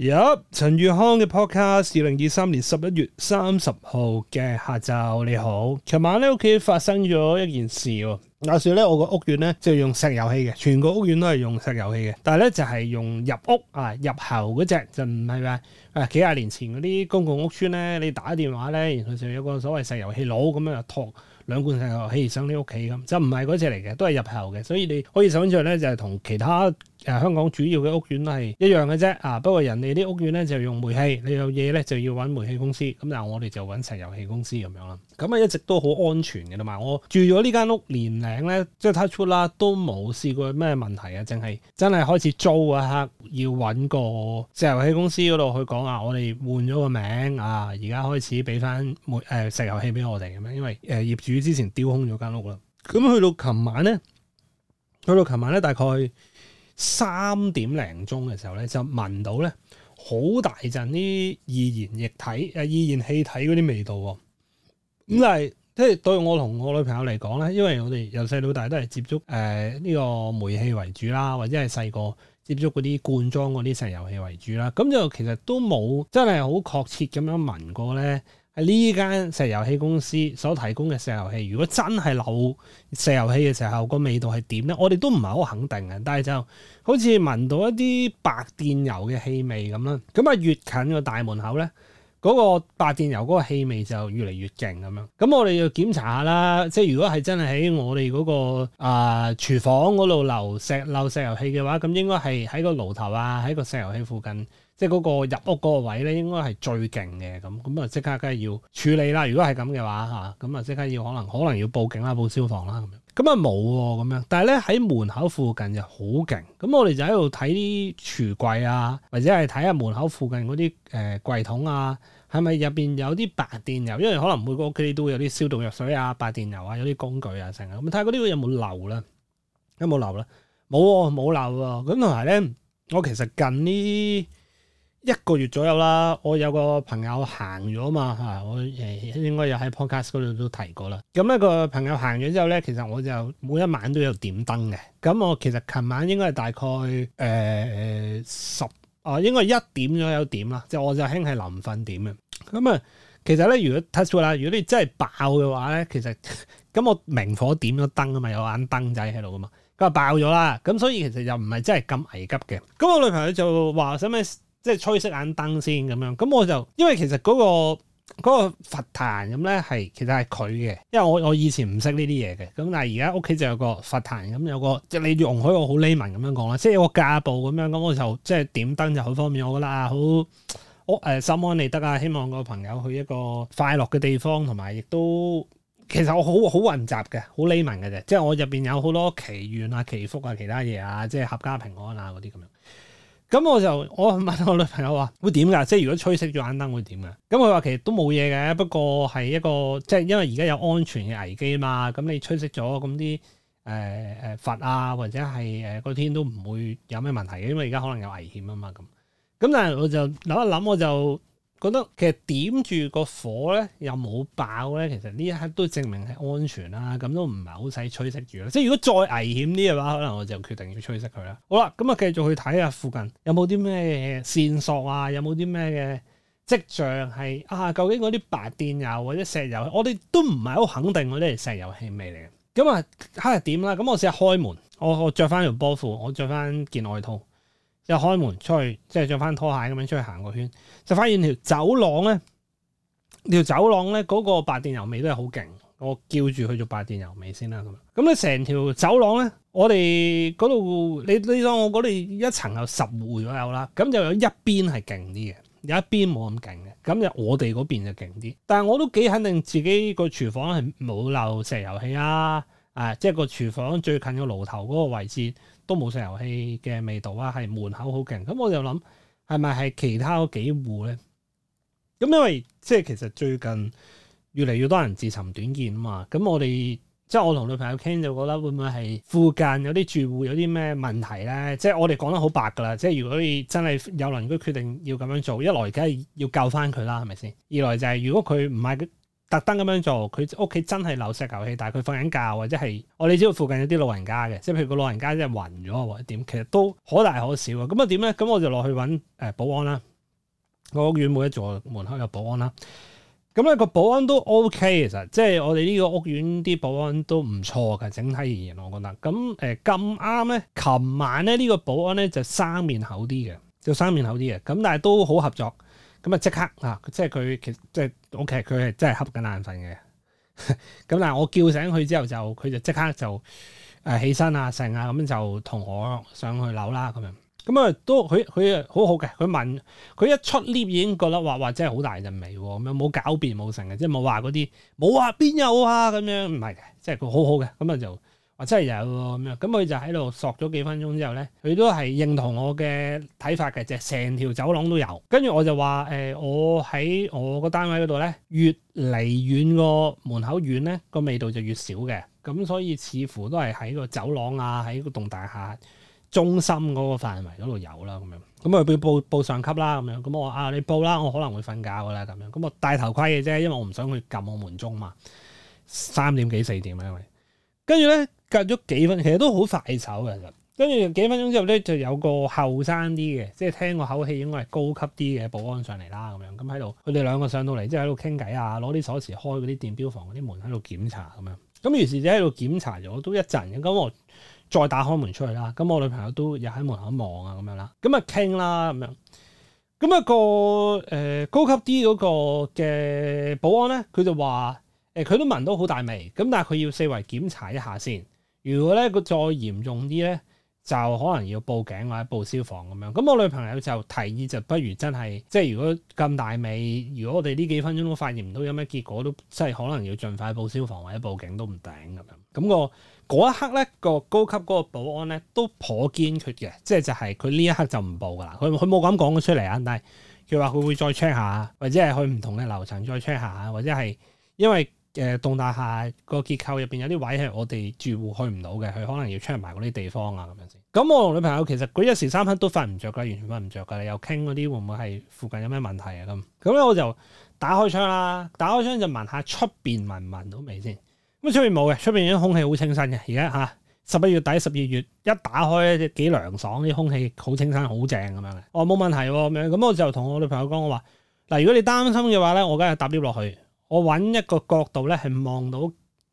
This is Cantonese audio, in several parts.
呀陳宇康嘅 podcast，二零二三年十一月三十號嘅下晝，你好。琴晚咧屋企發生咗一件事，話說咧我個屋苑咧就用石油氣嘅，全個屋苑都係用石油氣嘅。但係咧就係用入屋啊入喉嗰隻，就唔係話啊幾廿年前嗰啲公共屋邨咧，你打電話咧，然後就有一個所謂石油氣佬咁樣就托兩罐石油氣上你屋企咁，就唔係嗰隻嚟嘅，都係入喉嘅。所以你可以想象咧，就係同其他。誒、啊、香港主要嘅屋苑都係一樣嘅啫，啊！不過人哋啲屋苑咧就用煤氣，你有嘢咧就要揾煤氣公司，咁、嗯、但係我哋就揾石油氣公司咁樣啦。咁啊一直都好安全嘅，啦嘛。我住咗呢間屋年零咧，即係 touch wood、啊、啦，都冇試過咩問題啊，淨係真係開始租啊嚇，要揾個石油氣公司嗰度去講啊，我哋換咗個名啊，而家開始俾翻煤誒石油氣俾我哋咁樣，因為誒、呃、業主之前丟空咗間屋啦。咁去到琴晚咧，去到琴晚咧大概。三點零鐘嘅時候咧，就聞到咧好大陣啲易燃液體誒，易燃氣體嗰啲味道。咁但係即係對我同我女朋友嚟講咧，因為我哋由細到大都係接觸誒呢個煤氣為主啦，或者係細個接觸嗰啲罐裝嗰啲石油氣為主啦。咁就其實都冇真係好確切咁樣聞過咧。喺呢間石油氣公司所提供嘅石油氣，如果真係漏石油氣嘅時候，個味道係點呢？我哋都唔係好肯定嘅，但係就好似聞到一啲白電油嘅氣味咁啦。咁啊，越近個大門口呢，嗰個白電油嗰個氣味就越嚟越勁咁樣。咁我哋要檢查下啦，即係如果係真係喺我哋嗰個啊廚房嗰度漏石漏石油氣嘅話，咁應該係喺個爐頭啊，喺個石油氣附近。即係嗰個入屋嗰個位咧，應該係最勁嘅咁，咁啊即刻梗係要處理啦。如果係咁嘅話嚇，咁啊即刻要可能可能要報警啦、報消防啦咁樣。咁啊冇喎咁樣，但係咧喺門口附近又好勁。咁我哋就喺度睇啲櫥櫃啊，或者係睇下門口附近嗰啲誒櫃桶啊，係咪入邊有啲白電油？因為可能每個屋企都會有啲消毒藥水啊、白電油啊、有啲工具啊成日咁。睇下嗰啲有冇漏啦，有冇漏啦？冇冇漏喎。咁同埋咧，我其實近呢。一個月左右啦，我有個朋友行咗嘛嚇，我誒應該有喺 Podcast 嗰度都提過啦。咁一個朋友行咗、啊嗯、之後咧，其實我就每一晚都有點燈嘅。咁、嗯、我其實琴晚應該係大概誒十、呃、啊，應該一點左右有點啦，即係我就興係臨瞓點嘅。咁、嗯、啊，其實咧，如果 touch 啦，如果你真係爆嘅話咧，其實咁我明火點咗燈啊嘛，有眼燈仔喺度噶嘛，咁、嗯、啊爆咗啦。咁、嗯、所以其實又唔係真係咁危急嘅。咁、嗯、我女朋友就話使咪？即係吹熄眼燈先咁樣，咁我就因為其實嗰個嗰個佛壇咁咧，係其實係佢嘅，因為我我以前唔識呢啲嘢嘅，咁但係而家屋企就有個佛壇咁，有個即係你容許我好 layman 咁樣講啦，即係個架步咁樣，咁我就即係點燈就好方便，我覺得啊好我、呃、心安理得啊，希望個朋友去一個快樂嘅地方，同埋亦都其實我好好混雜嘅，好 layman 嘅啫，即係我入邊有好多祈願啊、祈福啊、其他嘢啊，即係合家平安啊嗰啲咁樣。咁我就我問我女朋友話會點㗎？即係如果吹熄咗眼燈會點㗎？咁佢話其實都冇嘢嘅，不過係一個即係因為而家有安全嘅危機啊嘛。咁你吹熄咗咁啲誒誒佛啊，或者係誒個天都唔會有咩問題嘅，因為而家可能有危險啊嘛。咁咁但係我就諗一諗我就。覺得其實點住個火咧又冇爆咧，其實呢一刻都證明係安全啦，咁都唔係好使吹熄住啦。即係如果再危險啲嘅話，可能我就決定要吹熄佢啦。好啦，咁啊繼續去睇下附近有冇啲咩嘢線索啊，有冇啲咩嘅跡象係啊？究竟嗰啲白電油或者石油，我哋都唔係好肯定嗰啲係石油氣味嚟嘅。咁、嗯、啊，睇下點啦。咁、嗯、我試下開門，我我著翻條波褲，我着翻件外套。一開門出去，即係着翻拖鞋咁樣出去行個圈，就發現條走廊咧，條走廊咧嗰個白電油味都係好勁。我叫住去做白電油味先啦，咁樣。咁咧成條走廊咧，我哋嗰度你你當我嗰度一層有十戶左右啦，咁就有一邊係勁啲嘅，有一邊冇咁勁嘅。咁就我哋嗰邊就勁啲，但係我都幾肯定自己個廚房係冇漏石油氣啊！誒、啊，即係個廚房最近嘅爐頭嗰個位置。都冇石油氣嘅味道啊，係門口好勁。咁我就諗，係咪係其他幾戶咧？咁因為即係其實最近越嚟越多人自尋短見啊嘛。咁我哋即係我同女朋友傾就覺得，會唔會係附近有啲住戶有啲咩問題咧？即係我哋講得好白噶啦。即係如果你真係有鄰居決定要咁樣做，一來而家係要救翻佢啦，係咪先？二來就係如果佢唔係。特登咁樣做，佢屋企真係漏石油氣，但係佢瞓緊覺，或者係我哋知道附近有啲老人家嘅，即係譬如個老人家即係暈咗或者點，其實都可大可小啊。咁啊點咧？咁我就落去揾、呃、保安啦。個屋苑每一座門口有保安啦。咁、那、咧個保安都 OK 其實，即係我哋呢個屋苑啲保安都唔錯嘅，整體而言我覺得。咁誒咁啱咧，琴、呃、晚咧呢、這個保安咧就生面口啲嘅，就生面口啲嘅。咁但係都好合作。咁啊即刻啊，即係佢，其實即係 OK，佢係真係瞌緊眼瞓嘅。咁嗱，我叫醒佢之後就就就、啊，就佢就即刻就誒起身啊成啊，咁就同我上去樓啦咁樣。咁啊都佢佢好好嘅。佢問佢一出 lift 已經覺得話話真係好大陣味喎，啊，咁樣冇狡辯冇成嘅，即係冇話嗰啲冇啊邊有啊咁樣，唔係嘅，即係佢好好嘅。咁啊就。話真係有喎咁樣，咁佢就喺度索咗幾分鐘之後咧，佢都係認同我嘅睇法嘅，就成、係、條走廊都有。跟住我就話誒、呃，我喺我個單位嗰度咧，越離遠個門口遠咧，個味道就越少嘅。咁所以似乎都係喺個走廊啊，喺個棟大廈中心嗰個範圍嗰度有啦咁樣。咁佢要報報上級啦咁樣。咁我話啊，你報啦，我可能會瞓覺噶啦咁樣。咁我戴頭盔嘅啫，因為我唔想去撳我門鐘嘛。三點幾四點啊，因為，因為跟住咧。隔咗幾分，其實都好快手嘅，其實跟住幾分鐘之後咧，就有個後生啲嘅，即係聽個口氣應該係高級啲嘅保安上嚟啦，咁樣咁喺度，佢哋兩個上到嚟，即係喺度傾偈啊，攞啲鎖匙開嗰啲電錶房嗰啲門喺度檢查咁樣，咁於是就喺度檢查咗都一陣，咁我再打開門出去啦，咁我女朋友都又喺門口望啊咁樣啦，咁啊傾啦咁樣，咁一個誒高級啲嗰個嘅保安咧，佢就話誒佢都聞到好大味，咁但係佢要四圍檢查一下先。如果咧個再嚴重啲咧，就可能要報警或者報消防咁樣。咁我女朋友就提議，就不如真係即係如果咁大味，如果我哋呢幾分鐘都發現唔到有咩結果，都即係可能要盡快報消防或者報警都唔定咁樣。咁、嗰個嗰一刻咧，個高級嗰個保安咧都頗堅決嘅，即係就係佢呢一刻就唔報噶啦。佢佢冇咁講咗出嚟啊，但係佢話佢會再 check 下，或者係去唔同嘅樓層再 check 下，或者係因為。誒東、呃、大廈個結構入邊有啲位係我哋住戶去唔到嘅，佢可能要 check 埋嗰啲地方啊咁樣先。咁我同女朋友其實佢一時三刻都瞓唔着㗎，完全瞓唔著㗎。又傾嗰啲會唔會係附近有咩問題啊咁？咁咧我就打開窗啦，打開窗就聞下出邊聞唔聞到味先。咁出邊冇嘅，出邊啲空氣好清新嘅。而家嚇十一月底、十二月一打開，幾涼爽，啲空氣好清新、好正咁樣嘅。哦，冇問題咁、啊、樣，咁我就同我女朋友講，我話嗱，如果你擔心嘅話咧，我梗係搭 lift 落去。我揾一個角度咧，係望到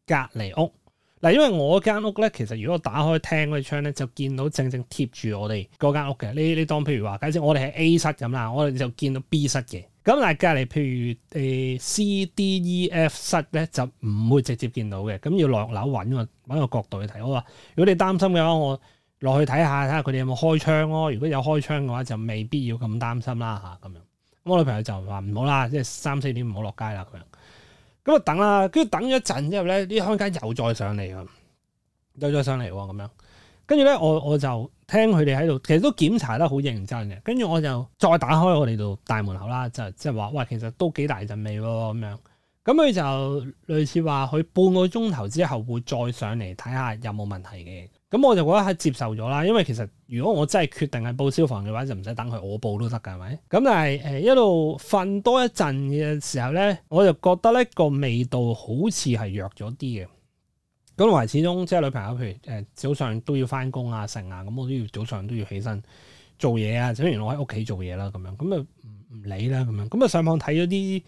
隔離屋。嗱，因為我間屋咧，其實如果我打開廳嗰啲窗咧，就見到正正貼住我哋嗰間屋嘅。你你當譬如話，假設我哋係 A 室咁啦，我哋就見到 B 室嘅。咁但係隔離譬如誒、呃、C、D、E、F 室咧，就唔會直接見到嘅。咁要落樓揾個揾個角度去睇。我話如果你擔心嘅話，我落去睇下，睇下佢哋有冇開窗咯。如果有開窗嘅話，就未必要咁擔心啦嚇咁樣。咁我女朋友就話唔好啦，即係三四點唔好落街啦咁樣。咁我等啦，跟住等咗一陣之後咧，啲空姐又再上嚟噶，又再上嚟咁樣。跟住咧，我我就聽佢哋喺度，其實都檢查得好認真嘅。跟住我就再打開我哋度大門口啦，就即係話，喂、就是，其實都幾大陣味喎，咁樣。咁佢就類似話，佢半個鐘頭之後會再上嚟睇下有冇問題嘅。咁我就覺得係接受咗啦，因為其實如果我真係決定係報消防嘅話，就唔使等佢我報都得㗎，係咪？咁但係誒、呃、一路瞓多一陣嘅時候咧，我就覺得咧、這個味道好似係弱咗啲嘅。咁我係始終即係女朋友，譬如誒、呃、早上都要翻工啊成啊，咁、啊、我都要早上都要起身做嘢啊。雖然我喺屋企做嘢啦、啊，咁樣咁啊唔理啦，咁樣咁啊上網睇咗啲。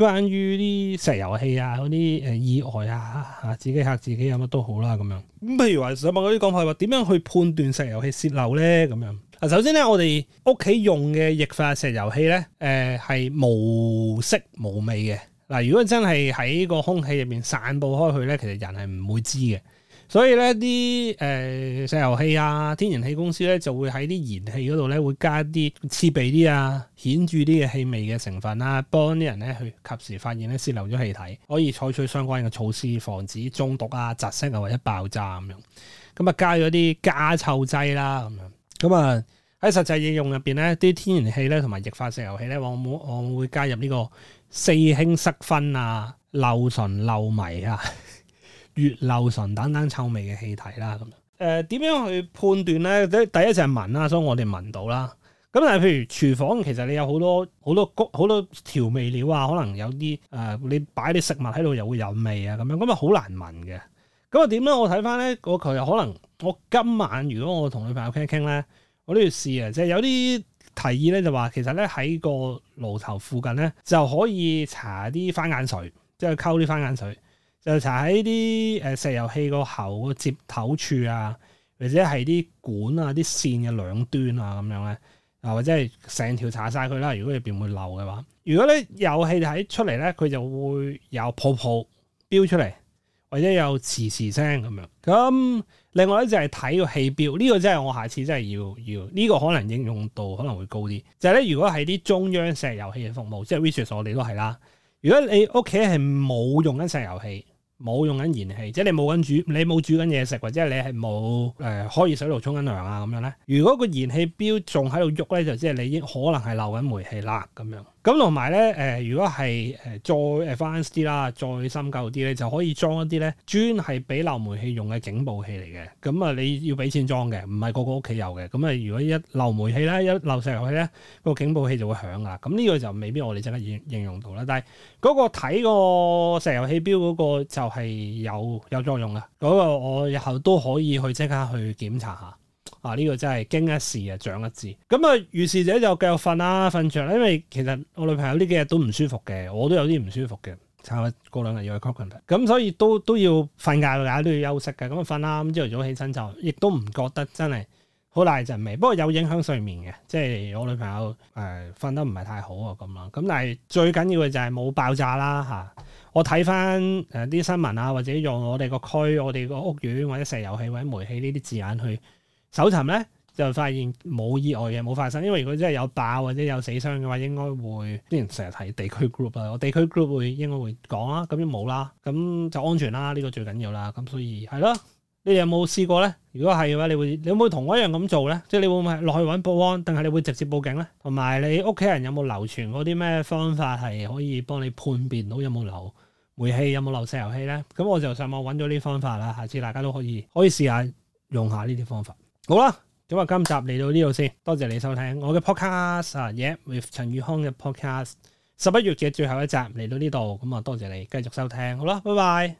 關於啲石油氣啊，嗰啲誒意外啊，吓自己吓自己有乜都好啦、啊，咁樣咁譬如話想問嗰啲講法話，點樣去判斷石油氣泄漏咧？咁樣嗱，首先咧，我哋屋企用嘅液化石油氣咧，誒、呃、係無色無味嘅。嗱，如果真係喺個空氣入邊散布開去咧，其實人係唔會知嘅。所以咧啲誒石油氣啊、天然氣公司咧就會喺啲燃氣嗰度咧會加啲刺鼻啲啊、顯著啲嘅氣味嘅成分啦、啊，幫啲人咧去及時發現咧泄漏咗氣體，可以採取相關嘅措施防止中毒啊、窒息啊或者爆炸咁樣。咁啊加咗啲加臭劑啦咁樣。咁啊喺實際應用入邊咧，啲天然氣咧同埋液化石油氣咧，我冇我會加入呢個四氫噻吩啊、硫醇硫醚啊。 乙硫醇等等臭味嘅氣體啦，咁誒點樣去判斷咧？第一就係聞啦，所以我哋聞到啦。咁但係譬如廚房，其實你有好多好多好多調味料啊，可能有啲誒、呃、你擺啲食物喺度又會有味啊，咁樣咁啊好難聞嘅。咁啊點咧？我睇翻咧，我琴又可能我今晚如果我同女朋友傾一傾咧，我都要試啊。即係有啲提議咧，就話其實咧喺個爐頭附近咧就可以搽啲番梘水，即係溝啲番梘水。就搽喺啲誒石油氣個喉個接頭處啊，或者係啲管啊、啲線嘅兩端啊咁樣咧，啊或者係成條搽晒佢啦。如果入邊會漏嘅話，如果咧有氣睇出嚟咧，佢就會有泡泡飆出嚟，或者有嘶嘶聲咁樣。咁、嗯、另外咧就係、是、睇個氣錶，呢、這個真係我下次真係要要呢、這個可能應用度可能會高啲。就咧、是、如果係啲中央石油氣嘅服務，即係 v i s h u s 我哋都係啦。如果你屋企係冇用緊石油氣。冇用緊燃氣，即係你冇緊煮，你冇煮緊嘢食，或者你係冇誒開熱水爐沖緊涼啊咁樣咧。如果個燃氣表仲喺度喐咧，就即係你已經可能係漏緊煤氣啦咁樣。咁同埋咧，誒如果係誒再 advanced 啲啦，再深究啲咧，就可以裝一啲咧專係俾漏煤氣用嘅警報器嚟嘅。咁啊，你要俾錢裝嘅，唔係個個屋企有嘅。咁啊，如果一漏煤氣啦，一漏石油氣咧，個警報器就會響啊。咁呢個就未必我哋即刻應用到啦。但係嗰個睇個石油氣表嗰個就係有有作用啦。嗰個我日後都可以去即刻去檢查下。啊！呢、這個真係經一事啊，長一智。咁啊，於是者就繼續瞓啦，瞓着啦。因為其實我女朋友呢幾日都唔舒服嘅，我都有啲唔舒服嘅，差唔多過兩日要去 Conference。咁所以都都要瞓覺，大家都要休息嘅。咁瞓啦。朝、嗯、頭早起身就亦都唔覺得真係好大陣味，不過有影響睡眠嘅，即係我女朋友誒瞓、呃、得唔係太好啊咁咯。咁但係最緊要嘅就係冇爆炸啦嚇、啊。我睇翻誒啲新聞啊，或者用我哋個區、我哋個屋苑或者石油氣或者煤氣呢啲字眼去。搜尋咧就發現冇意外嘅冇發生，因為如果真係有爆或者有死傷嘅話，應該會啲人成日睇地區 group 啊。我地區 group 會應該會講啦，咁就冇啦，咁就安全啦，呢個最緊要啦。咁所以係咯，你哋有冇試過咧？如果係嘅話，你會你有冇同我一樣咁做咧？即係你會唔會落去揾保安？定係你會直接報警咧？同埋你屋企人有冇流傳嗰啲咩方法係可以幫你判別到有冇漏煤氣、有冇漏石油氣咧？咁我就上網揾咗啲方法啦，下次大家都可以可以試下用下呢啲方法。好啦，咁啊，今集嚟到呢度先，多謝你收聽我嘅 podcast 啊 yeah，with 陳宇康嘅 podcast，十一月嘅最後一集嚟到呢度，咁啊，多謝你繼續收聽，好啦，拜拜。